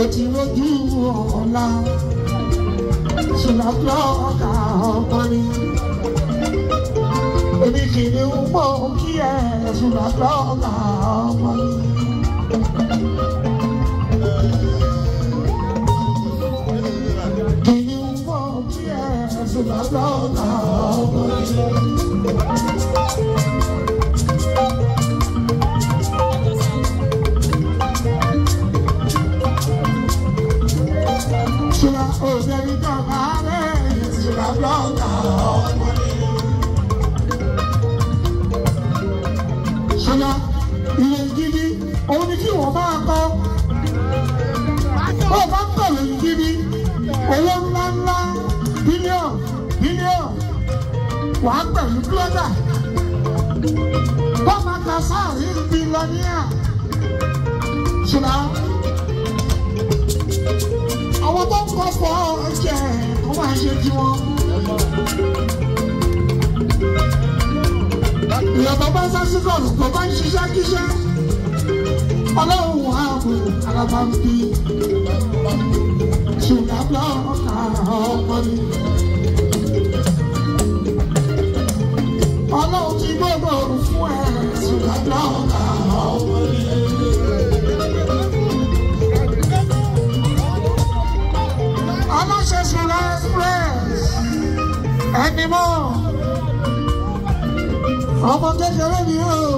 ó ti rojú ọ̀la ṣùlọ́jọ́ ọ̀gá ọ̀gbọ́nì èmi kì í mọ̀ kí ẹ ṣùlọ́jọ́ ọ̀gá ọ̀gbọ́nì. Kì í mọ̀ kí ẹ ṣùlọ́jọ́ ọ̀gá ọ̀gbọ́nì. ṣebí jọba rẹ̀ ti ra dọ́ta ọmọ nínú. ṣọlá ilé gidi òun ni kí wọ́n máa kọ́ bó o bá ń tọ̀lé gidi owó ńláńlá bílíọ̀n tó ń kọ́ pọ̀ ọ́ ṣe tí wọ́n. Ìyá kò bá ń ṣiṣẹ́ kíṣẹ́. Ọlọ́run wà á alábàámu bí. Ṣùgbọ́n àbúrò ọkà ọmọ ẹni mọ́ ọmọ kékeré mi ó.